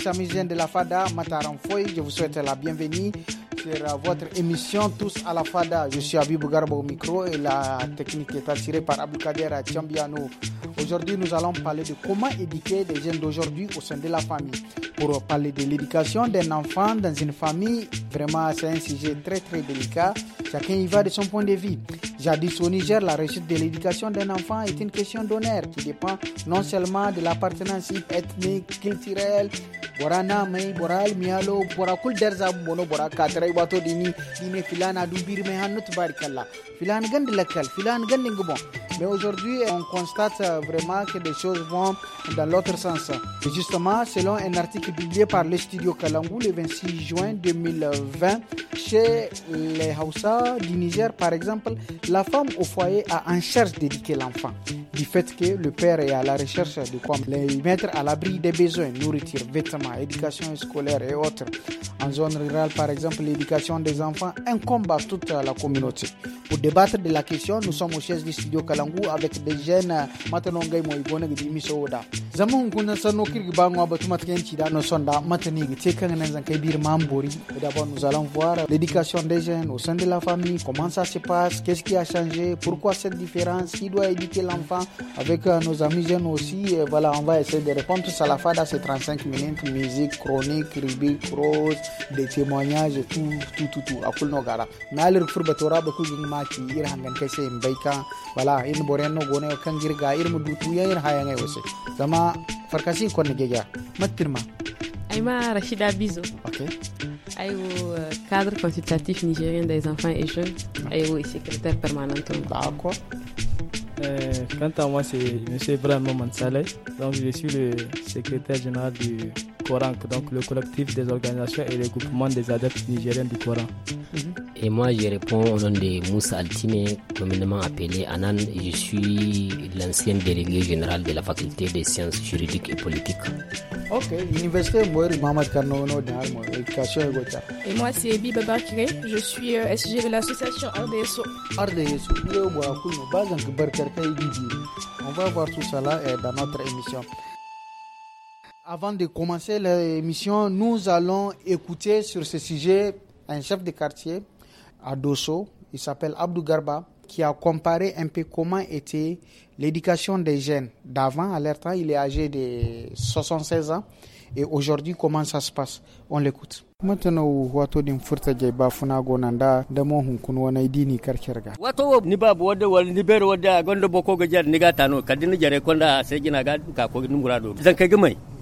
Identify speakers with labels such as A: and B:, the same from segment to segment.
A: jeunes de la FADA, Mataram Je vous souhaite la bienvenue sur votre émission Tous à la FADA. Je suis Abibou Garbo au micro et la technique est assurée par Aboukader Tchambiano. Aujourd'hui, nous allons parler de comment éduquer les jeunes d'aujourd'hui au sein de la famille. Pour parler de l'éducation d'un enfant dans une famille, vraiment, c'est un sujet très très délicat. Chacun y va de son point de vue. Jadis au Niger, la réussite de l'éducation d'un enfant est une question d'honneur qui dépend non seulement de l'appartenance ethnique, culturelle, borana boral mialo dini mais aujourd'hui on constate vraiment que des choses vont dans l'autre sens justement selon un article publié par le studio Kalangu le 26 juin 2020 chez les Hausa du Niger par exemple la femme au foyer a en charge d'éduquer l'enfant fait que le père est à la recherche de quoi les mettre à l'abri des besoins, nourriture, vêtements, éducation scolaire et autres. En zone rurale, par exemple, l'éducation des enfants incombe à toute la communauté. Pour débattre de la question, nous sommes au chef du studio Kalangu avec des jeunes maintenant D'abord nous allons voir l'éducation des jeunes au sein de la famille, comment ça se passe, qu'est-ce qui a changé, pourquoi cette différence, qui doit éduquer l'enfant, avec euh, nos amis jeunes aussi. Et euh, voilà, on va essayer de répondre tous à la fois dans ces 35 minutes. Musique, chronique, rubrique, prose, des témoignages, tout, tout, tout, tout. À Nogara. Mais à l'heure Tora, beaucoup de gens qui ont été en train de se Voilà, ils ne pourraient pas gagner aucun girga, ils ne pourraient pas gagner aussi. Zama, farkasi kon ne geja. Matirma.
B: Aïma Rachida Bizo. Ok. Aïwo, euh,
A: cadre consultatif nigérien
B: des enfants et jeunes. Aïwo, secrétaire permanente. D'accord.
C: Euh, quant à moi, c'est M. Ibrahim Mansale. Donc, je suis le secrétaire général du Coran, donc le collectif des organisations et les groupements des adeptes nigériens du Coran.
D: Mhm. Et moi, je réponds au nom de Moussa Altine, communément appelé Anan. Je suis l'ancien délégué général de la faculté des sciences juridiques et politiques.
C: Ok,
A: l'université Mouer Mohamed Karnono dans éducation et gocha.
D: Et moi, c'est Biba Bakiré. Je suis
E: euh, SG de l'association RDSO.
A: RDSO, on va voir tout cela euh, dans notre émission. Avant de commencer l'émission, nous allons écouter sur ce sujet un chef de quartier à Dosso, il s'appelle Abdou Garba, qui a comparé un peu comment était l'éducation des jeunes d'avant. À leur temps, hein, il est âgé de 76 ans. Et aujourd'hui, comment ça se passe On l'écoute. Maintenant, wato din furta jai ba funa gonanda da da mo hun kun wani dini On va
F: wato ni babu wadda wani ni ber wadda gonda boko ga jar ni ga tano kadin jare konda sai gina ga ka ko ni murado zan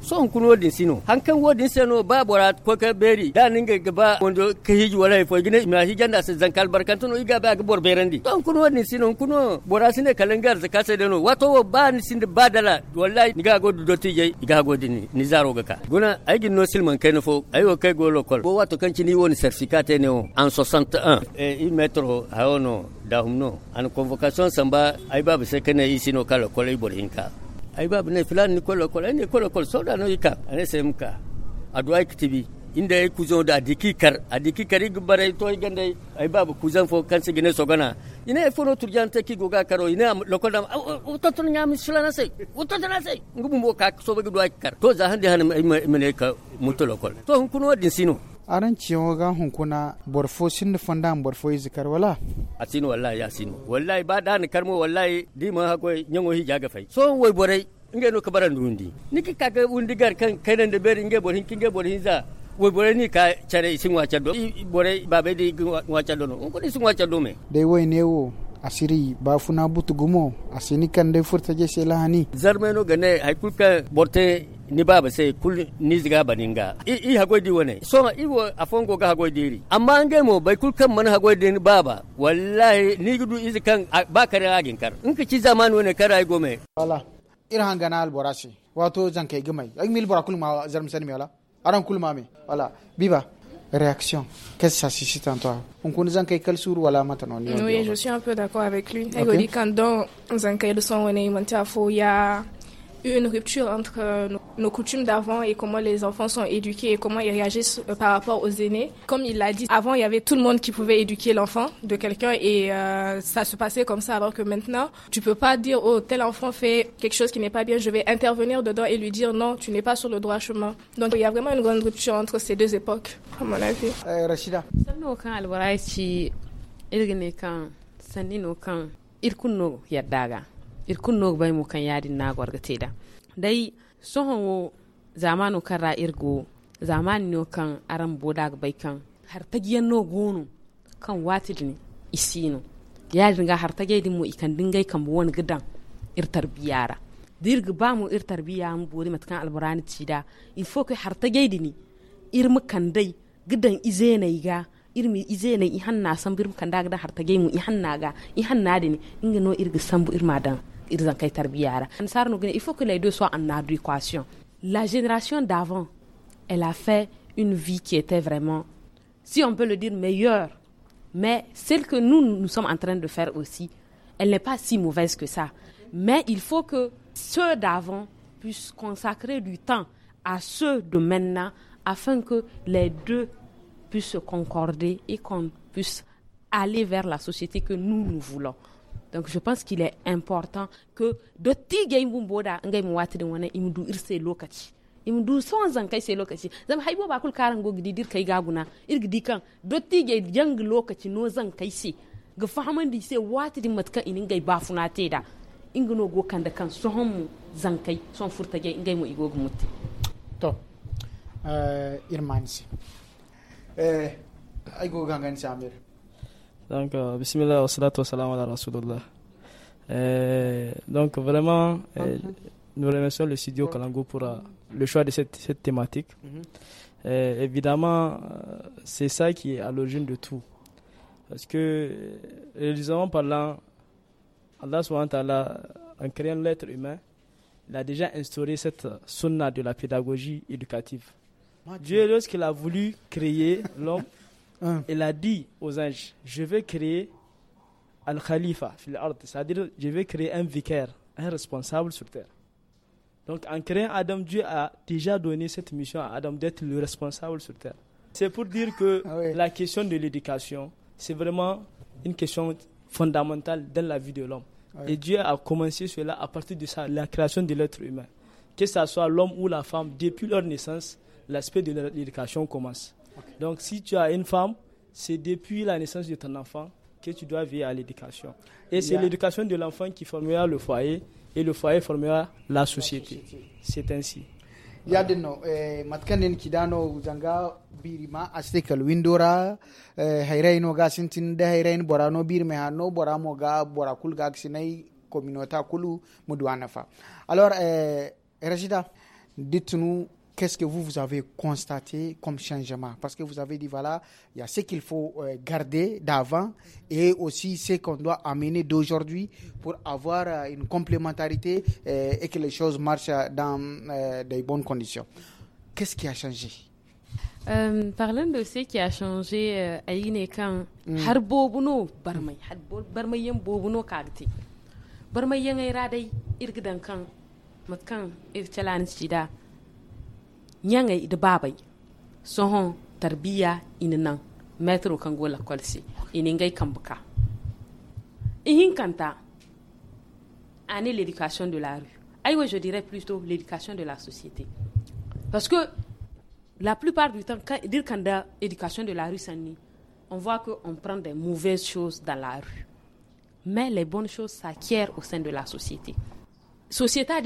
F: son kuno din sino hankan wodin sino ba bora ko ka beri da ga gaba wando ka hiji wala e fo gine mi hiji ganda se zankal barkantuno iga ba ga bor berandi son kuno din sino kuno bora sine kalangar ka se deno wato wo ba ni sinde badala wallahi ga go do je iga go din ni zaro ga ka guna ay gin no silman kai no fo ay wo kai go lokol bo wato kan ni woni certificate ne o en 61 e il metro haono da humno an convocation samba ay babu se kana isino kala kolay bor hinka aibabu ne fulani n kolo kolo ne kolo kolo so da no i k a ane se m k a adwai kitibi inda y k u z o da adiki kar adiki kar igi bare to i g a ndai aibabu kuzan fo k a n s e gine sogana ina e fono turjante ki goga karo ina lokol dam utotun nyam i sulana se utotun se ngubu mo ka so b e g i dwai kar to za hande hanim ay mene ka m u t o lokol
A: to hun kuno din sino aran ciyo ga hunkuna borfo sin da fondan borfo yi zikar wala
F: asin wallahi sin wallahi ba da ni karmo wallahi di ma hakoi nyango hi jaga fai so wai borai inge no kabaran dundi niki kaka undi gar kan kanan da beri inge borin kinge borin za wai borai ni ka chare isin wacha do ba be di wacha do no ko sin wa chado me
A: dai wai ne wo asiri ba funa butu gumo asini kan dai furta je sai lahani
F: zarmeno gane ai kulka borte ni baba sai kul ni ziga baninga i i hagoi di wane so ma iwo afongo ga hagoi diri amma an gaimo bai kul kan man hagoi di baba wallahi ni gudu izi kan ba kare agin kar in ka ci zamanu wane kar ai gome wala
A: irhan gana alborasi wato zankai gimai ai mil borakul ma zarmsani wala aran kulma me wala biba réaction Qu'est-ce que ça suscite en toi On connaît un quel sourd ou à la maintenant Oui, je
E: suis un peu d'accord avec lui. Okay. Et quand dans un cas de son, on est monté à faux, il y une rupture entre euh, nos, coutumes d'avant et comment les enfants sont éduqués et comment ils réagissent euh, par rapport aux aînés. Comme il l'a dit, avant, il y avait tout le monde qui pouvait éduquer l'enfant de quelqu'un et euh, ça se passait comme ça, alors que maintenant, tu peux pas dire, oh, tel enfant fait quelque chose qui n'est pas bien, je vais intervenir dedans et lui dire, non, tu n'es pas sur le droit chemin. Donc, il y a vraiment une grande rupture entre ces deux époques, à mon avis.
B: Rachida. irkun no bai mu kan yadin na gwarga da dai sohon wo zamanu kan ra irgo zamani no kan aran boda bai kan har giyan no gonu kan watidin isino ya dinga har tage gaidin mu ikan dingai kan bu wani gidan ir tarbiyara dirga ba mu ir tarbiya mu bori matkan alburani cida il faut que har tage dini ir mu kan dai gidan izena ga irmi izena i hanna san bir kan da gidan har tage mu i hanna ga i dini inga no irga sambu irma dan il faut que les deux soient en adéquation la génération d'avant elle a fait une vie qui était vraiment si on peut le dire meilleure mais celle que nous nous sommes en train de faire aussi elle n'est pas si mauvaise que ça mais il faut que ceux d'avant puissent consacrer du temps à ceux de maintenant afin que les deux puissent se concorder et qu'on puisse aller vers la société que nous, nous voulons donc je pense qu'il est important que dotti gay bumboda ngay mu wati wona imdu irse lokati imdu son zan kai se lokaci zam haibo ba kul karan go dir kai gaguna irgidi kan dotti gay jang lokati no zan kai se ga fahamandi se wati di matkan inin gay bafuna te da ingino go kan da kan sohom mu zan kai son furta gay ngay igogu mutti to
A: eh irmansi eh ay go gangan samir
C: euh, donc, vraiment, nous remercions le studio Kalango pour euh, le choix de cette, thématique. Mm-hmm. évidemment, euh, c'est ça qui est à l'origine de tout. Parce que, religieusement parlant, Allah en créant l'être humain, il a déjà instauré cette sunna de la pédagogie éducative. Dieu, lorsqu'il a voulu créer l'homme, il a dit aux anges Je vais créer Al-Khalifa, c'est-à-dire je vais créer un vicaire, un responsable sur terre. Donc en créant Adam, Dieu a déjà donné cette mission à Adam d'être le responsable sur terre. C'est pour dire que ah la question de l'éducation, c'est vraiment une question fondamentale dans la vie de l'homme. Ah Et Dieu a commencé cela à partir de ça, la création de l'être humain. Que ce soit l'homme ou la femme, depuis leur naissance, l'aspect de l'éducation commence. Donc si tu as une femme, c'est depuis la naissance de ton enfant que tu dois veiller à l'éducation. Et c'est l'éducation de l'enfant qui formera le foyer et le foyer formera la société. C'est ainsi.
A: yadinno e euh, kidano zanga birima astekal windora hiraino euh, ga sintinde hayrayn borano birme hanno boramo ga bora kul kulu mudwana fa. alors euh rachida ditnu qu'est-ce que vous, avez constaté comme changement Parce que vous avez dit, voilà, il y a ce qu'il faut euh, garder d'avant et aussi ce qu'on doit amener d'aujourd'hui pour avoir euh, une complémentarité euh, et que les choses marchent dans de bonnes conditions. Qu'est-ce qui a
C: changé
B: Parlons parlant de ce qui a changé il y kan yãnga de sohon la l'éducation de la rue je dirais plutôt l'éducation de la société parce que la plupart du temps quand, dire l'éducation de la rue on voit on prend des mauvaises choses dans la rue mais les bonnes choses s'acquièrent au sein de la société société a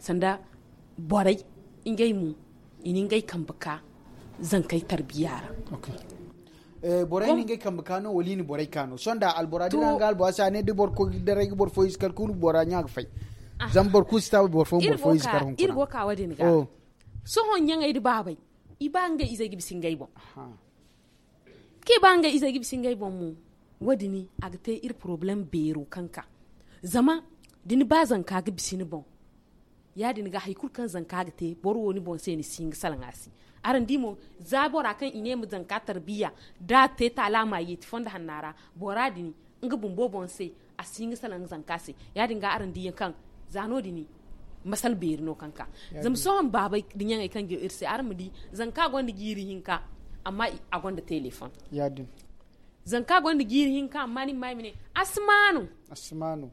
B: sanda ingai mu iningai kambaka zan tarbiyara okay.
A: Eh, boray ni sonda al boradi rangal ah. oh. bo asane de bor ko bor fo kal bora nyaag fay zam bor ku sta bor fo bor
B: ka so hon ibanga gibi singay bo ke mu agte ir problem beru kanka zama dini bazan ka yadi niga haikul kan zanka te boro woni bon seni sing salangasi aran dimo za bora kan ine mu zanka tarbiya da te talama yit fonda hannara bora dini nga bo bon se a sing salang zanka se yadi nga aran diyan kan zano dini masal berino kanka zam sohon baba dinya ngai kan ge se aran mu di zanka gonda giri hinka amma a gonda telefon yadi zanka gonda giri hinka amma ni mai mine asmanu
A: asmanu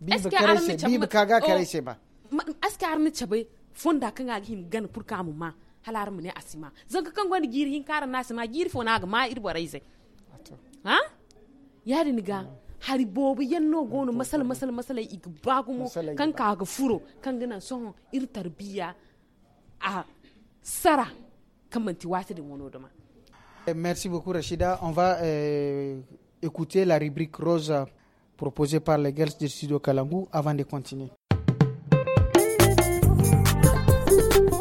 A: bi ba kare se bi kaga kare oh. se ba
B: askar ni chabai fonda kan him gan pour kamu ma halar mu asima zanga kan gwani giri hin kara nasima giri fo ga ma irbo borai zai ha yari ni ga hari bobu yanno gonu masal masal masal ig bagumo kan ka ga furo kan gana son ir tarbiya a sara kamanti wata de wono dama
A: eh, Merci beaucoup Rachida. On va euh, écouter la rubrique rose proposée par les girls du studio Kalangu avant de continuer.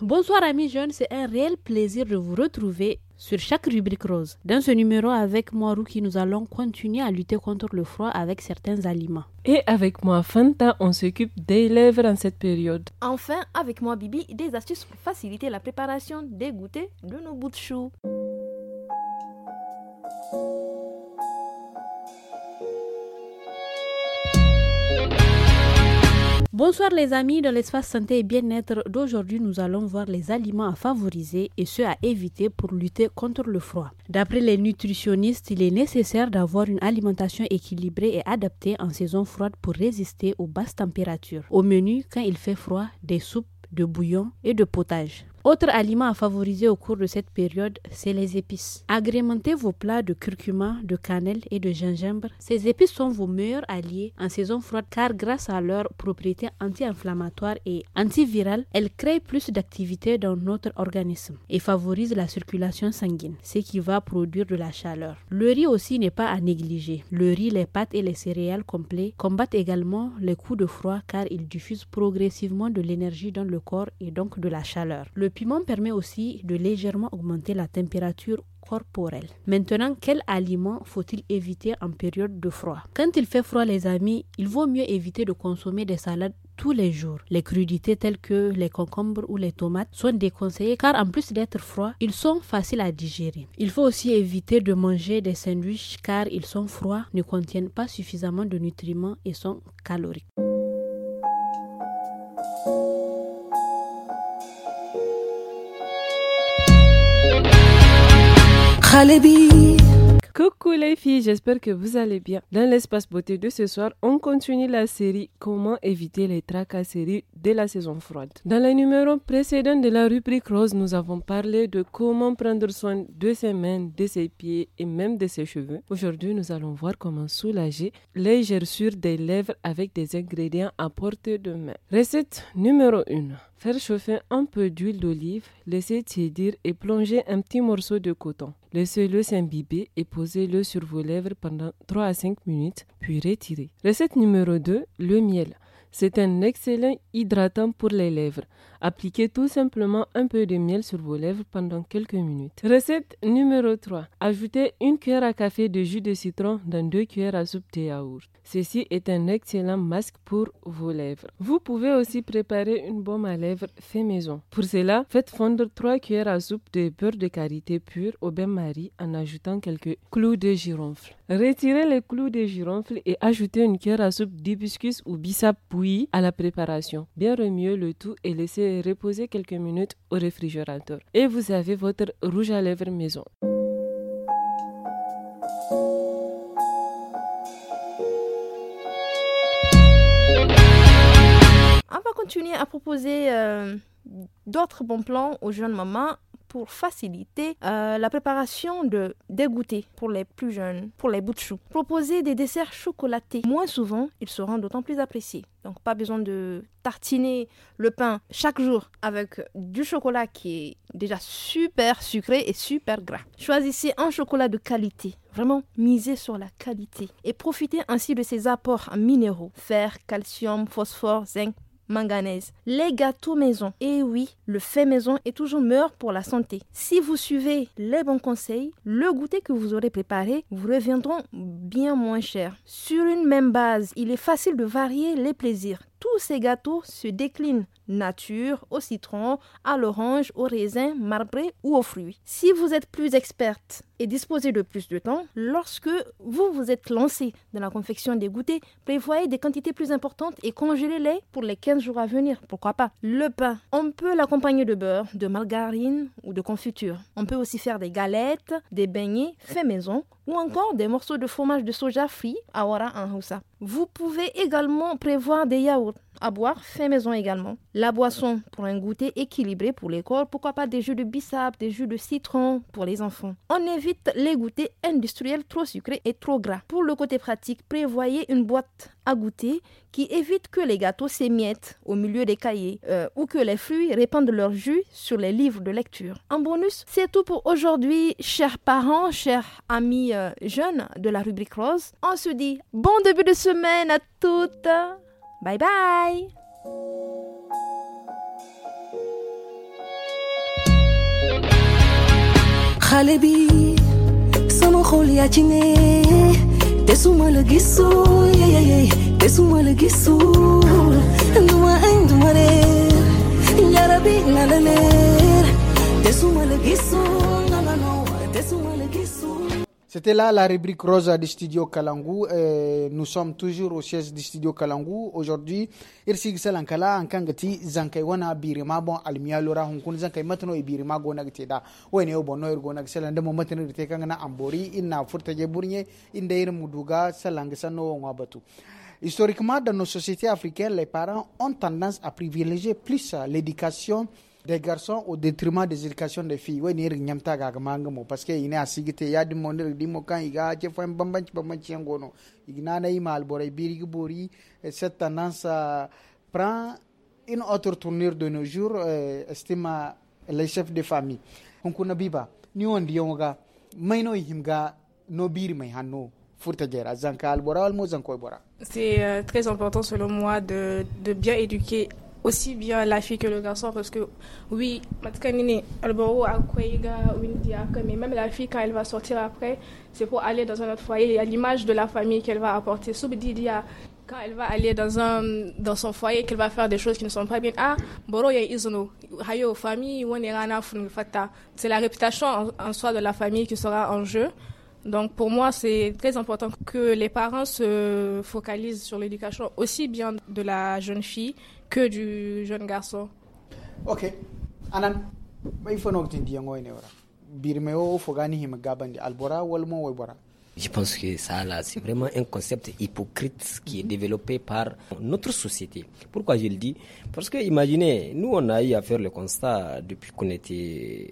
G: Bonsoir amis jeunes, c'est un réel plaisir de vous retrouver sur chaque rubrique rose. Dans ce numéro avec moi Ruki, nous allons continuer à lutter contre le froid avec certains aliments.
H: Et avec moi Fanta, on s'occupe des lèvres en cette période.
I: Enfin, avec moi Bibi, des astuces pour faciliter la préparation des goûters de nos bouts de choux.
G: Bonsoir les amis de l'espace santé et bien-être. D'aujourd'hui, nous allons voir les aliments à favoriser et ceux à éviter pour lutter contre le froid. D'après les nutritionnistes, il est nécessaire d'avoir une alimentation équilibrée et adaptée en saison froide pour résister aux basses températures. Au menu, quand il fait froid, des soupes, de bouillon et de potage. Autre aliment à favoriser au cours de cette période, c'est les épices. Agrémentez vos plats de curcuma, de cannelle et de gingembre. Ces épices sont vos meilleurs alliés en saison froide car grâce à leurs propriétés anti-inflammatoires et antivirales, elles créent plus d'activité dans notre organisme et favorisent la circulation sanguine, ce qui va produire de la chaleur. Le riz aussi n'est pas à négliger. Le riz, les pâtes et les céréales complets combattent également les coups de froid car ils diffusent progressivement de l'énergie dans le corps et donc de la chaleur. Le piment permet aussi de légèrement augmenter la température corporelle. Maintenant, quel aliment faut-il éviter en période de froid Quand il fait froid, les amis, il vaut mieux éviter de consommer des salades tous les jours. Les crudités telles que les concombres ou les tomates sont déconseillées car en plus d'être froids, ils sont faciles à digérer. Il faut aussi éviter de manger des sandwichs car ils sont froids, ne contiennent pas suffisamment de nutriments et sont caloriques.
H: Coucou les filles, j'espère que vous allez bien. Dans l'espace beauté de ce soir, on continue la série Comment éviter les tracasseries de la saison froide. Dans le numéro précédent de la rubrique rose, nous avons parlé de comment prendre soin de ses mains, de ses pieds et même de ses cheveux. Aujourd'hui, nous allons voir comment soulager les gerçures des lèvres avec des ingrédients à portée de main. Recette numéro 1. Faire chauffer un peu d'huile d'olive, laisser tiédir et plonger un petit morceau de coton. Laissez-le s'imbiber et posez-le sur vos lèvres pendant 3 à 5 minutes, puis retirez. Recette numéro 2, le miel. C'est un excellent hydratant pour les lèvres. Appliquez tout simplement un peu de miel sur vos lèvres pendant quelques minutes. Recette numéro 3. Ajoutez une cuillère à café de jus de citron dans deux cuillères à soupe de yaourt. Ceci est un excellent masque pour vos lèvres. Vous pouvez aussi préparer une baume à lèvres fait maison. Pour cela, faites fondre trois cuillères à soupe de beurre de karité pur au bain-marie en ajoutant quelques clous de girofle. Retirez les clous de girofle et ajoutez une cuillère à soupe d'hibiscus ou bissap à la préparation. Bien remuez le tout et laissez reposer quelques minutes au réfrigérateur. Et vous avez votre rouge à lèvres maison.
I: On va continuer à proposer euh, d'autres bons plans aux jeunes mamans pour faciliter euh, la préparation de des pour les plus jeunes, pour les bouts de choux. Proposer des desserts chocolatés moins souvent, ils seront d'autant plus appréciés. Donc pas besoin de tartiner le pain chaque jour avec du chocolat qui est déjà super sucré et super gras. Choisissez un chocolat de qualité. Vraiment, misez sur la qualité et profitez ainsi de ses apports en minéraux, fer, calcium, phosphore, zinc, manganèse. Les gâteaux maison, et oui, le fait maison est toujours meilleur pour la santé. Si vous suivez les bons conseils, le goûter que vous aurez préparé vous reviendront bien moins cher. Sur une même base, il est facile de varier les plaisirs. Tous ces gâteaux se déclinent nature, au citron, à l'orange, au raisin, marbré ou aux fruits. Si vous êtes plus experte et disposez de plus de temps, lorsque vous vous êtes lancé dans la confection des goûters, prévoyez des quantités plus importantes et congélez-les pour les 15 jours à venir, pourquoi pas. Le pain, on peut l'accompagner de beurre, de margarine ou de confiture. On peut aussi faire des galettes, des beignets faits maison ou encore des morceaux de fromage de soja frit, awara en Houssa. Vous pouvez également prévoir des yaourts à boire fait maison également. La boisson pour un goûter équilibré pour les corps, pourquoi pas des jus de bissap, des jus de citron pour les enfants. On évite les goûters industriels trop sucrés et trop gras. Pour le côté pratique, prévoyez une boîte à goûter qui évite que les gâteaux s'émiettent au milieu des cahiers euh, ou que les fruits répandent leur jus sur les livres de lecture. En bonus, c'est tout pour aujourd'hui, chers parents, chers amis euh, jeunes de la rubrique rose. On se dit bon début de semaine à toutes. Bye bye!
B: xale bi sama xol yaa ci yeah te su ma la gisu yeyeye te su ma la gisu
A: C'était là la rubrique Rosa du studio Kalangu. Euh, nous sommes toujours au siège du studio Kalangu. Aujourd'hui, Irsig Salankala, Ankangati, Zankaiwana, Birima, bon, Almia, Laura, Hunkun, Zankai, maintenant, et Birima, Gonagteda. Wene, bon, noir, Gonagsel, and de moment, Ritekangana, Ambori, Inna, Furtaje Bournier, Indeir Muduga, Salangasano, Wabatu. Historiquement, dans nos sociétés africaines, les parents ont tendance à privilégier plus l'éducation des garçons au détriment des éducations des filles wani irin nyamta ga manga mo parce que ina asigite ya dimo ne dimo kan iga che fo bambanci bambanci ngono igna na imal bore biri bori cette tendance euh, prend une autre tournure de nos jours euh, le les chefs de famille hunkuna biba ni wondi yonga maino himga no biri mai hanno
E: C'est euh, très important selon moi de, de bien éduquer aussi bien la fille que le garçon parce que oui même la fille quand elle va sortir après c'est pour aller dans un autre foyer il y a l'image de la famille qu'elle va apporter ah, quand elle va aller dans un dans son foyer qu'elle va faire des choses qui ne sont pas bien ah boro ya famille c'est la réputation en soi de la famille qui sera en jeu donc pour moi, c'est très important que les parents se focalisent sur l'éducation aussi bien de la jeune fille que du
A: jeune garçon. Ok. Anan,
D: je pense que ça, là, c'est vraiment un concept hypocrite qui est développé par notre société. Pourquoi je le dis Parce que, imaginez, nous, on a eu à faire le constat depuis qu'on était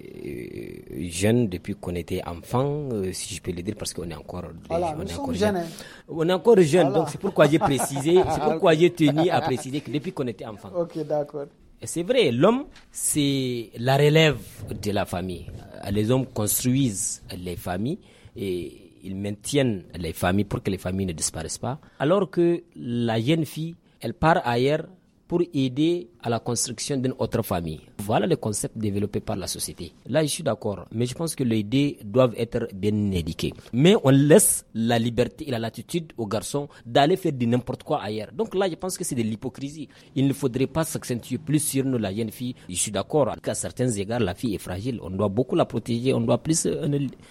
D: euh, jeune, depuis qu'on était enfant, euh, si je peux le dire, parce qu'on est encore, hein. on, est encore jeune. Jeunes. on est encore jeune. donc c'est pourquoi j'ai précisé, c'est pourquoi j'ai tenu à préciser que depuis qu'on était enfant.
A: Ok, d'accord.
D: C'est vrai, l'homme, c'est la relève de la famille. Les hommes construisent les familles et ils maintiennent les familles pour que les familles ne disparaissent pas, alors que la jeune fille, elle part ailleurs pour aider à la construction d'une autre famille. Voilà le concept développé par la société. Là, je suis d'accord, mais je pense que les idées doivent être bien éduquées. Mais on laisse la liberté et la latitude aux garçons d'aller faire de n'importe quoi ailleurs. Donc là, je pense que c'est de l'hypocrisie. Il ne faudrait pas s'accentuer plus sur nous, la jeune fille. Je suis d'accord, qu'à certains égards, la fille est fragile. On doit beaucoup la protéger, on doit plus euh,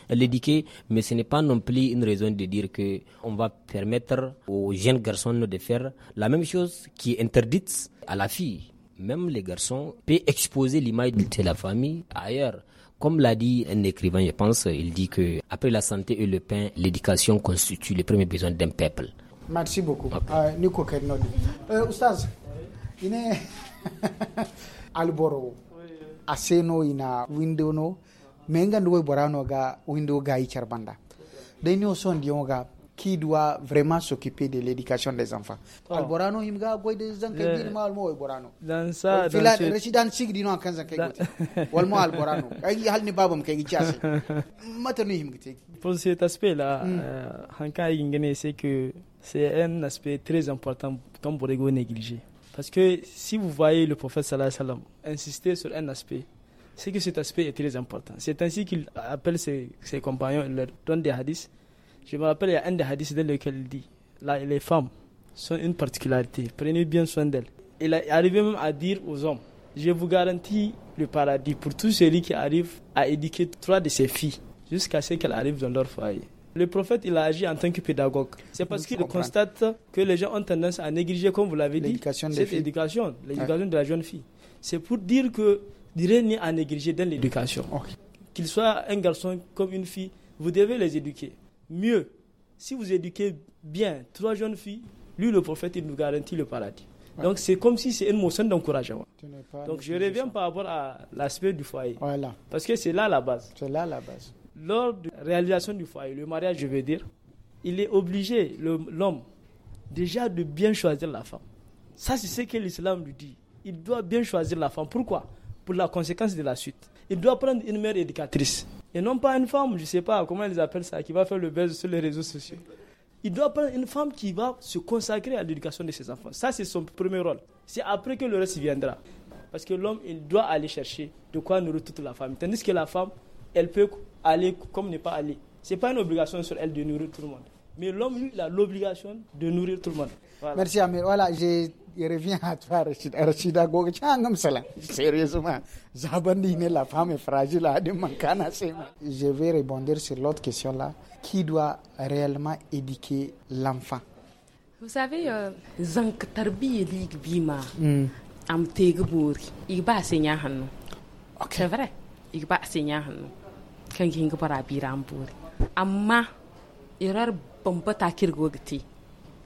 D: l'éduquer, mais ce n'est pas non plus une raison de dire que on va permettre aux jeunes garçons de faire la même chose qui est interdite à la fille même les garçons, peut exposer l'image de la famille ailleurs. Comme l'a dit un écrivain, je pense, il dit que après la santé et le pain, l'éducation constitue le premier besoin d'un peuple.
A: Merci beaucoup. Nico okay. euh, euh Oustaz, il est Alboro, Aseno, ina Window, no, Mengan, Borano, ga Window, ga Icharbanda. Daniel Son, Dioga, qui doit vraiment s'occuper de l'éducation des enfants.
C: Pour cet aspect là, c'est que c'est un aspect très important qu'on pourrait négliger. Parce que si vous voyez le prophète insister sur un aspect, c'est que cet aspect est très important. C'est ainsi qu'il appelle ses, ses compagnons, il leur donne des hadiths je me rappelle, il y a un des hadiths dans lequel il dit les femmes sont une particularité, prenez bien soin d'elles. Il est arrivé même à dire aux hommes Je vous garantis le paradis pour tous ceux qui arrivent à éduquer trois de ses filles jusqu'à ce qu'elles arrivent dans leur foyer. Le prophète, il a agi en tant que pédagogue. C'est parce qu'il constate que les gens ont tendance à négliger, comme vous l'avez dit, cette éducation, l'éducation de la jeune fille. C'est pour dire que rien n'est à négliger dans l'éducation. Qu'il soit un garçon comme une fille, vous devez les éduquer mieux, si vous éduquez bien trois jeunes filles, lui, le prophète, il nous garantit le paradis. Donc, c'est comme si c'est une motion d'encouragement. Donc, je reviens par rapport à l'aspect du foyer. Voilà. Parce que c'est là la base. C'est là la base. Lors de la réalisation du foyer, le mariage, je veux dire, il est obligé, l'homme, déjà de bien choisir la femme. Ça, c'est ce que l'islam lui dit. Il doit bien choisir la femme. Pourquoi Pour la conséquence de la suite. Il doit prendre une mère éducatrice. Et non pas une femme, je ne sais pas comment ils appellent ça, qui va faire le buzz sur les réseaux sociaux. Il doit prendre une femme qui va se consacrer à l'éducation de ses enfants. Ça, c'est son premier rôle. C'est après que le reste viendra. Parce que l'homme, il doit aller chercher de quoi nourrir toute la femme. Tandis que la femme, elle peut aller comme n'est pas aller. Ce n'est pas une obligation sur elle de nourrir tout le monde. Mais l'homme, lui, il a l'obligation de nourrir tout le monde. Merci
A: Amir. Voilà, je reviens à toi, Rachida, Rachida Sérieusement, la femme est fragile à Je vais rebondir sur l'autre question là. Qui doit réellement éduquer l'enfant
B: Vous savez, euh, Zank Tarbi Bima,
A: hmm. Am Tegburi,
B: Igba Senya Hanno. C'est vrai, Igba ne Hanno. Kan À Biramburi. Amma, Irar Bombata Kirgogti.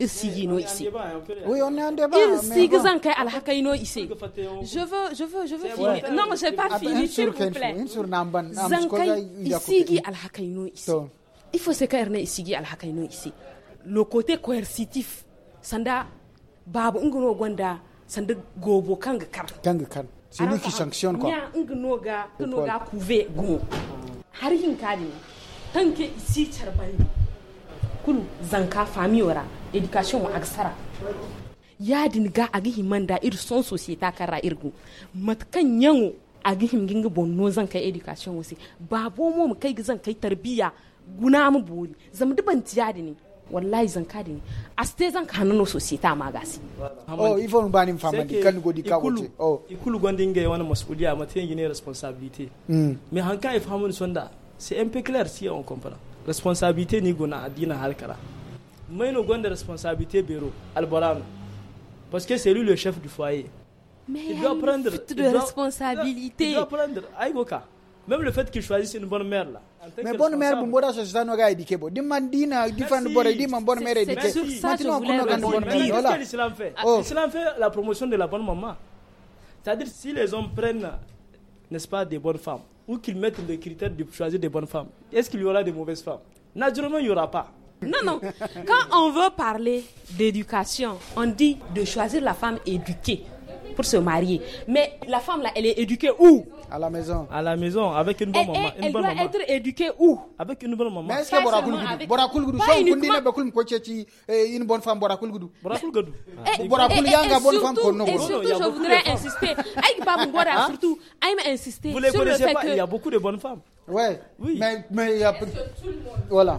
B: irsigino eh, ise
C: hein, oui on est en débat irsigzan
B: kai alhakaino ise je veux je veux je veux finir non j'ai pas fini s'il vous plaît zan kai isigi alhakaino ise il faut se kairne isigi alhakaino ise le côté coercitif sanda babu ingino gwanda sanda gobo kanga kar
A: kanga kar c'est lui qui sanctionne quoi nya
B: ingino ga ingino ga kuve gumo har kadi tanke isi charbani kulu zanka famiyora education aksara a ga man da ir son ka kara irgu matkan yango agihim ginga bonno zanka education wasi babo mu mu kai zan kai tarbiya guna mu bori zama duban tiyadi ne wallahi zan kadi ne a ste zan ka hannu societa ma gasi
C: oh ifon fama di kan godi ka wote oh ikulu gondin ga wani masuliya yin ne responsibility mm. me hanka ifamun sonda c'est un peu clair si on comprend responsabilité ni gona adina halkara maino des responsabilité parce que c'est lui le chef du foyer il doit prendre de responsabilité il doit prendre même le fait qu'il choisisse une bonne mère là mais bonne mère bon
A: bonne mère ça l'islam oh.
C: fait la promotion de la bonne maman c'est-à-dire si les hommes prennent n'est-ce pas des bonnes femmes ou qu'ils mettent des critères de choisir des bonnes femmes, est-ce qu'il y aura des mauvaises femmes Naturellement, il n'y aura pas. Non, non. Quand on veut
B: parler d'éducation, on dit de choisir la femme éduquée pour se marier. Mais la femme là, elle est éduquée où
C: À la maison. À la maison, avec une bonne elle, maman. Elle, une elle bonne doit maman. être
A: éduquée où Avec une bonne maman. Mais est-ce que Borakulgudu avec... Borakulgudu, si on dit que une bonne femme, Borakulgudu. Borakulgudu. Eh, eh, ah. eh, Borakulyanga, bonne femme qu'on Et surtout, je voudrais insister.
B: Aïk Babou Bora, ah. surtout, aime insister. Vous ne connaissez pas, il y a
A: beaucoup de bonnes femmes. Ouais. Oui. Mais, mais il y a. tout le monde. Voilà.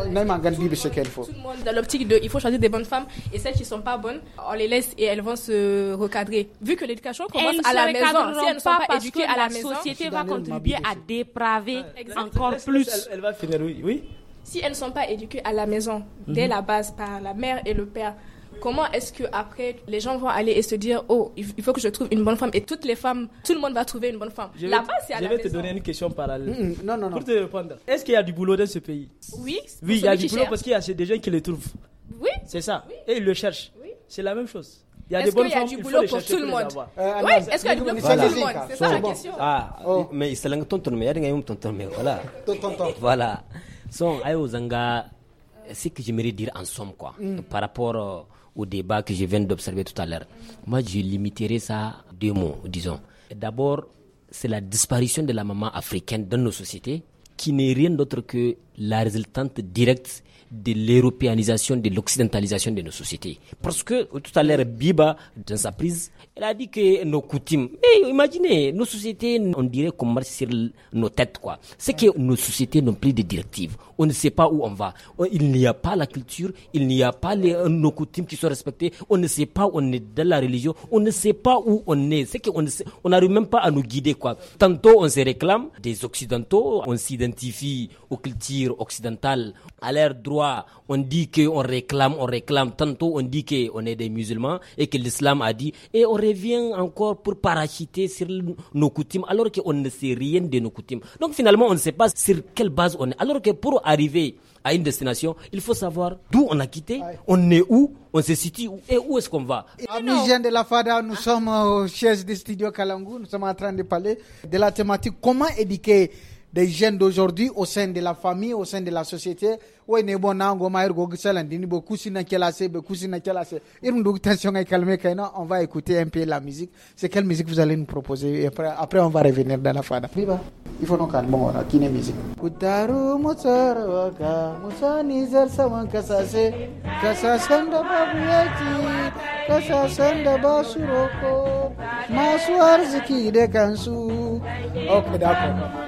A: on va Même faut. tout le monde, dans l'optique de.
E: Il faut choisir des bonnes femmes et celles qui ne sont pas bonnes, on les laisse et elles vont se recadrer. Vu que l'éducation commence à la maison. Si elles ne sont pas, éduquées à la, maison, la société va contribuer
B: à dépraver
C: encore plus. Elle, va finir, oui.
E: si elles ne sont pas éduquées à la maison, dès mhm. la base, par la mère et le père, Comment est-ce que après les gens vont aller et se dire oh il faut que je trouve une bonne femme et toutes les femmes tout le monde va trouver une bonne femme. Là-bas c'est à Je vais te donner
C: une question parallèle. Mm, mm, non non non. Pour te répondre. Est-ce qu'il y a du boulot dans ce pays? Oui. Oui il y a du boulot parce qu'il y a des gens qui le trouvent. Oui. C'est ça. Et ils le cherchent. Oui. C'est la même chose. Il y a des bonnes femmes. Est-ce qu'il y a du boulot pour tout le monde Oui, est-ce qu'il y a du boulot pour tout le monde C'est ça la question. Ah oh.
D: mais c'est l'angle tonton mais il y a des tonton mais voilà. Voilà. Son ayo zanga c'est que j'aimerais dire en somme quoi mm. par rapport euh, au débat que je viens d'observer tout à l'heure. Moi, je limiterai ça à deux mots, disons. D'abord, c'est la disparition de la maman africaine dans nos sociétés, qui n'est rien d'autre que la résultante directe de l'européanisation, de l'occidentalisation de nos sociétés. Parce que tout à l'heure, Biba, dans sa prise, elle a dit que nos coutumes, mais imaginez, nos sociétés, on dirait qu'on marche sur nos têtes, quoi. C'est que nos sociétés n'ont plus de directives. On ne sait pas où on va. Il n'y a pas la culture, il n'y a pas les, nos coutumes qui sont respectées. On ne sait pas où on est dans la religion, on ne sait pas où on est. C'est qu'on on n'arrive même pas à nous guider, quoi. Tantôt, on se réclame des occidentaux, on s'identifie aux cultures occidentale, à l'air droit, on dit qu'on réclame, on réclame. Tantôt, on dit qu'on est des musulmans et que l'islam a dit. Et on revient encore pour parachuter sur nos coutumes alors qu'on ne sait rien de nos coutumes. Donc finalement, on ne sait pas sur quelle base on est. Alors que pour arriver à une destination, il faut savoir d'où on a quitté, on est où, on se situe
A: et où est-ce qu'on va. Amis de la FADA, nous sommes au siège du studio Kalangu, nous sommes en train de parler de la thématique comment éduquer des jeunes d'aujourd'hui au sein de la famille, au sein de la société. Oui, ne bon nango maïr go gisalandini bo kusina kelase bo kusina kelase. Irundu tension est calmée kaina, on va écouter un peu la musique. C'est quelle musique vous allez nous proposer et après, après on va revenir dans la fada. Biba. Il faut nous calmer on a kine musique. Kutaru mutsaro ka musani zar saman kasa kasasan da babu yaki kasasan da basuroko masu arziki da kansu.
F: Ok, d'accord.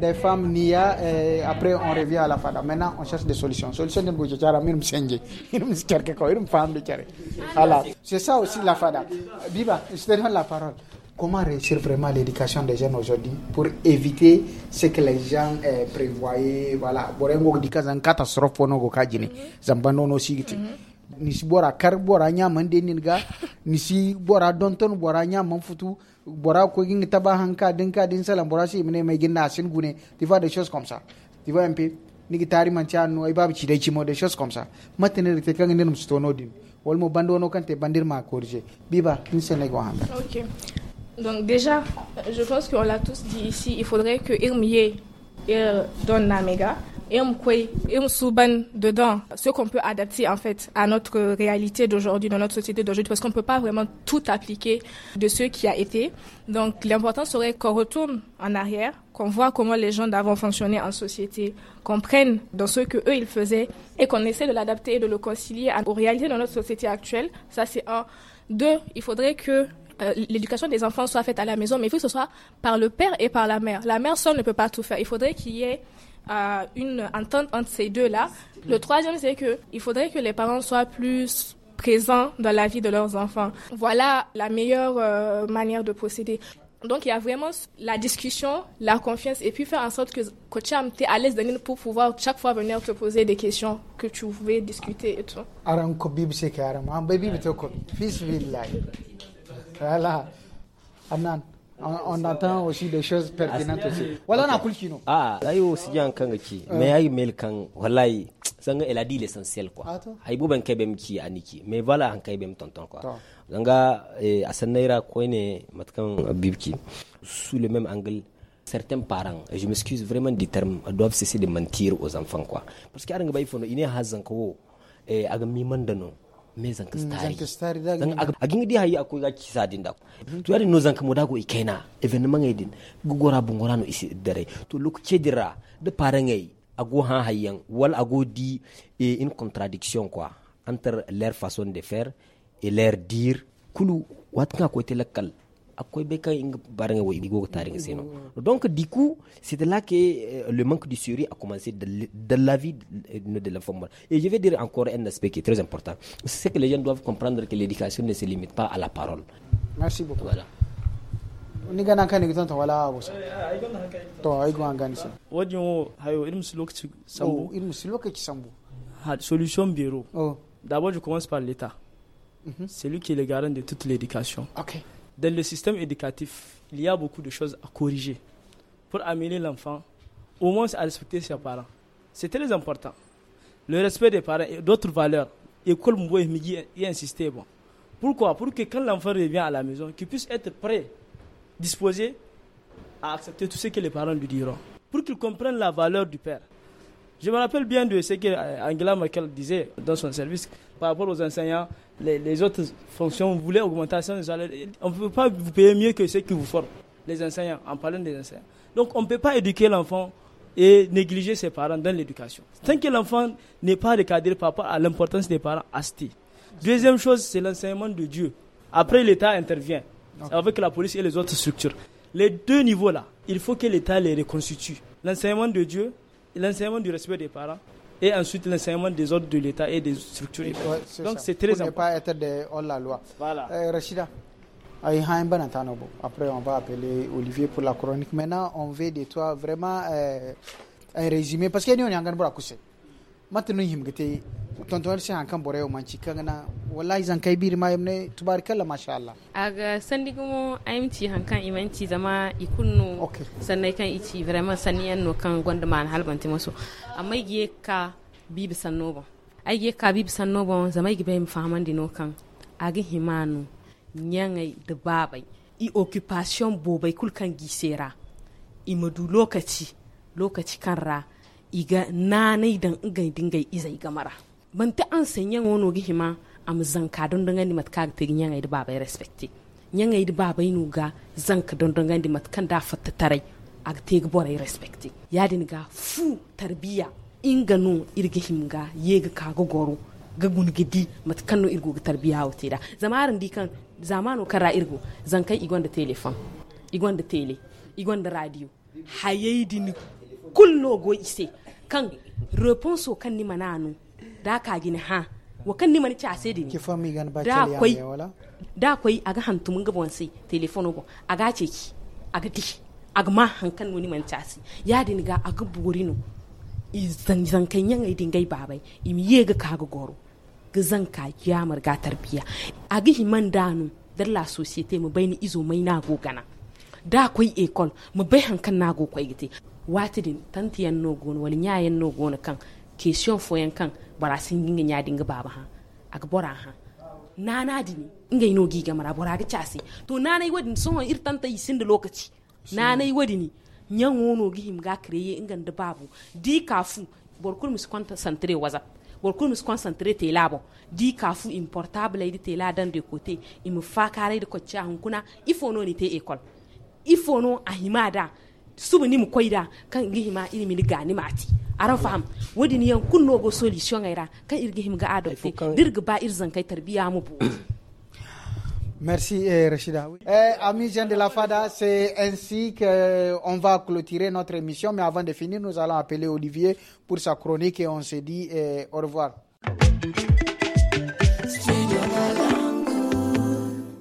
A: des femmes NIA et après on revient à la FADA. Maintenant, on cherche des solutions. Solution de Mirum Sengi, Mirum Mirum Voilà. C'est ça aussi la FADA. Biba, je te donne la parole. Comment réussir vraiment l'éducation des jeunes aujourd'hui pour éviter ce que les gens eh, prévoyaient Voilà. Borengo dika une catastrophe pono go kajini. Zambano no sigiti. Nisi bora kar bora nyama ndeninga. Nisi bora donton bora à futu bora ko ging taba hanka dinka din sala bora si mine mai ginna sin gune tu vois des choses comme ça tu vois un peu ni gitari man cha no ibabi ci de ci mo des choses comme ça matene te kan ngin musto no din wal mo bando no kante bandir ma corriger biba ni go hanka
E: OK donc déjà je pense qu'on l'a tous dit ici il faudrait que Irmier euh, donne la méga et on dedans, ce qu'on peut adapter en fait à notre réalité d'aujourd'hui, dans notre société d'aujourd'hui, parce qu'on ne peut pas vraiment tout appliquer de ce qui a été. Donc l'important serait qu'on retourne en arrière, qu'on voit comment les gens d'avant fonctionnaient en société, qu'on prenne dans ce que eux ils faisaient et qu'on essaie de l'adapter et de le concilier aux réalités de notre société actuelle. Ça c'est un. Deux, il faudrait que euh, l'éducation des enfants soit faite à la maison, mais il faut que ce soit par le père et par la mère. La mère seule ne peut pas tout faire. Il faudrait qu'il y ait à une entente entre ces deux-là. Le troisième, c'est qu'il faudrait que les parents soient plus présents dans la vie de leurs enfants. Voilà la meilleure euh, manière de procéder. Donc il y a vraiment la discussion, la confiance et puis faire en sorte que Kocham t'es à l'aise pour pouvoir chaque fois venir te poser des questions que tu pouvais discuter et tout.
A: Voilà on, entend aussi des choses pertinentes aussi. Voilà,
D: on a Ah, là, oh, il euh. Mais il y a mail voilà, elle a dit l'essentiel quoi. Ah, a Mais voilà, han kebem quoi. ne matkan bibki sous le même angle certains parents, je m'excuse vraiment du terme, doivent cesser de mentir aux enfants quoi. Parce qu'il y a un me ka stari ka stari da a gin di hayi akoy ga kisa din da to yari no ka modago man evenement din gugora bungora no isi dare to luk chedira de a ago ha hayyan wal ago di e in contradiction quoi entre leur façon de faire et leur dire kulu ka ko telakal donc du coup c'est là que euh, le manque de sérieux a commencé dans la vie euh, de la femme et je vais dire encore un aspect qui est très important c'est que les gens doivent comprendre que l'éducation ne se limite pas à la parole
A: merci beaucoup voilà ni gana kan ni tan wala abu sa to ay go an ganisa
C: wajin wo hayo irin su lokaci sambu oh, irin su lokaci sambu ha solution bureau oh. d'abord je commence par l'état mhm. c'est lui qui est le garant de toute l'éducation ok dans le système éducatif, il y a beaucoup de choses à corriger pour amener l'enfant au moins à respecter ses parents. C'est très important. Le respect des parents et d'autres valeurs. École Mboy y insister. Bon. Pourquoi Pour que quand l'enfant revient à la maison, qu'il puisse être prêt, disposé à accepter tout ce que les parents lui diront. Pour qu'il comprenne la valeur du père. Je me rappelle bien de ce que euh, Angela Merkel disait dans son service par rapport aux enseignants les, autres fonctions, vous voulez augmentation des salaires, on ne peut pas vous payer mieux que ceux qui vous forment, les enseignants, en parlant des enseignants. Donc on ne peut pas éduquer l'enfant et négliger ses parents dans l'éducation. Tant que l'enfant n'est pas recadré par rapport à l'importance des parents, asté. Deuxième chose, c'est l'enseignement de Dieu. Après, l'État intervient avec la police et les autres structures. Les deux niveaux-là, il faut que l'État les reconstitue. L'enseignement de Dieu et l'enseignement du respect des parents et ensuite l'enseignement des ordres de l'État et des structures. Donc c'est très Pour On Ne
A: pas être des hors-la loi. Voilà. Euh, Rachida.
C: Après,
A: on va appeler Olivier pour la chronique. Maintenant, on veut de toi vraiment euh, un résumé parce qu'il y a des à coucher. y'i himgite tontonel shi hankan bore yau manci kangana wallahi zan kai biri ma yamne tubarikalla masha Allah
B: aga gumo aimci hankan imanci zama ikunnu okay. sannan kan ici vraiment saniyan no kan gonda man halbanti maso amma giye ka bibi sannoba ai giye ka bibi sannoba zama gibe mi fahaman dino kan agi himanu nyangai da babai i occupation bobai kulkan gisera imadu lokaci lokaci kan ra iga nanai dan inga dingai iza iga mara banta an wono gi hima am zanka don dangani yang te nyanga respecti. baba Eid nyanga de baba Inuga, zanka don dangani matkan da fatta tarai ak te ga respecti yadin ga fu tarbiya inga no irga himga yega ka go goro ga gungidi matkan irgo tarbiya kan zamano kara irgo zankai igon da telefon igon tele igon da radio hayaydi ni kulno ise kan reponso kan ni da ka ha wa kan ni mani chase
A: dini ki fami gan da koi
B: da koi aga hantu mun gabon sai telefono go aga cheki aga di aga ma hankan ya ga aga izan zan kan yan ai dingai im ye ga kaga goro ga zan ka tarbiya aga dar la societe mu bayni izo mai na da koi école mu bai hankan na gite waati din tanti yan no gono wal nya yan no gono kan question fo yan kan bara sin dinga baba ha ak bora ha nana dini ngay no giga mara bora chasi to nana yi son ir tanta yi sin nana yi wadini nyan no gi ga kreye inga babu di kafu borkul mis kwanta santre waza borkul mis kwanta santre te labo di kafu importable yi te la dan de côté im fa kare de ko cha hunkuna ifo no ni te école ifo no ahimada sumi koida kan gihima ilimi ni gani mati ara faham wadi ni kun no go solution gaira kan irgihim ga adopte dirga ba irzan kay
A: tarbiya mu Merci eh, Rachida. Eh, amis gens de la FADA, c'est ainsi qu'on va clôturer notre émission. Mais avant de finir, nous allons appeler Olivier pour sa chronique et on se dit eh, au revoir.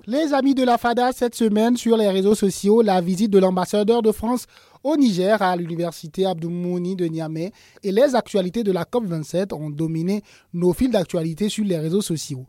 J: Les amis de la FADA, cette semaine sur les réseaux sociaux, la visite de l'ambassadeur de France au Niger à l'université Abdoumouni de Niamey et les actualités de la COP27 ont dominé nos fils d'actualité sur les réseaux sociaux.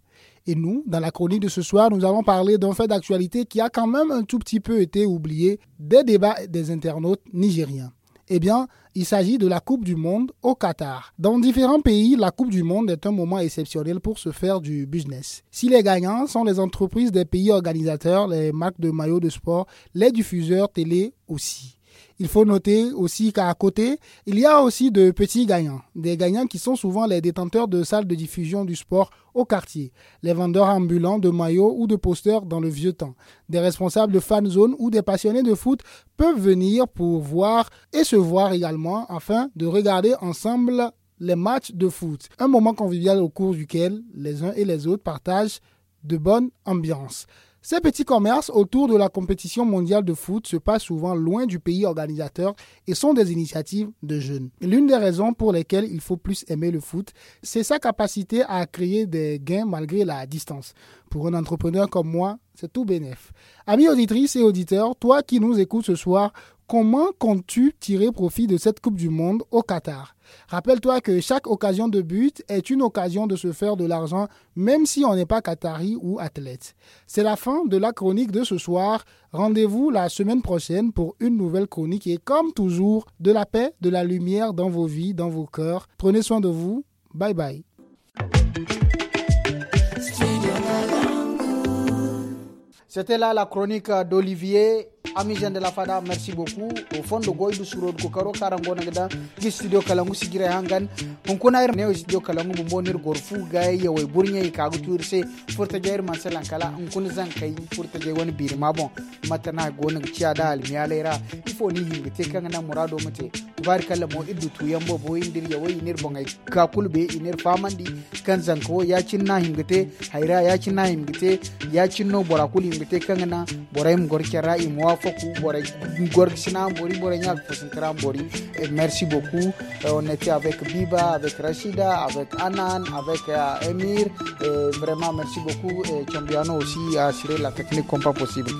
J: Et nous, dans la chronique de ce soir, nous allons parler d'un fait d'actualité qui a quand même un tout petit peu été oublié des débats des internautes nigériens. Eh bien, il s'agit de la Coupe du Monde au Qatar. Dans différents pays, la Coupe du Monde est un moment exceptionnel pour se faire du business. Si les gagnants sont les entreprises des pays organisateurs, les marques de maillots de sport, les diffuseurs télé aussi. Il faut noter aussi qu'à côté, il y a aussi de petits gagnants, des gagnants qui sont souvent les détenteurs de salles de diffusion du sport au quartier, les vendeurs ambulants de maillots ou de posters dans le vieux temps. Des responsables de fan zone ou des passionnés de foot peuvent venir pour voir et se voir également afin de regarder ensemble les matchs de foot, un moment convivial au cours duquel les uns et les autres partagent de bonnes ambiances. Ces petits commerces autour de la compétition mondiale de foot se passent souvent loin du pays organisateur et sont des initiatives de jeunes. L'une des raisons pour lesquelles il faut plus aimer le foot, c'est sa capacité à créer des gains malgré la distance. Pour un entrepreneur comme moi, c'est tout bénef. Amis auditrices et auditeurs, toi qui nous écoutes ce soir, Comment comptes-tu tirer profit de cette Coupe du Monde au Qatar Rappelle-toi que chaque occasion de but est une occasion de se faire de l'argent, même si on n'est pas Qatari ou athlète. C'est la fin de la chronique de ce soir. Rendez-vous la semaine prochaine pour une nouvelle chronique et comme toujours, de la paix, de la lumière dans vos vies, dans vos cœurs. Prenez soin de vous. Bye bye.
A: C'était là la chronique d'Olivier ami de la fada merci beaucoup o fondo goydu surod ko karo kara gona gida gi studio kalangu sigira hangan on kuna ir neo studio kala bu bonir fu gay ya way burnye ka gutur se furta jair man kala on kun zan kai furta jay wani bir ma bon matana gona ciya da mi alera, ifo ni hinga te kan na murado mate barkalla mo iddu tu yambo bo indir ya way inir bongai ka kulbe inir famandi kan zan ko ya cin na hingate haira ya cin na hingate ya cin no borakul hingate kan na boraim gorkera imwa merci beaucoup euh, on était avec Biba avec Rashida, avec Anan avec euh, Emir vraiment merci beaucoup et Chambiano aussi a assuré la technique comme pas possible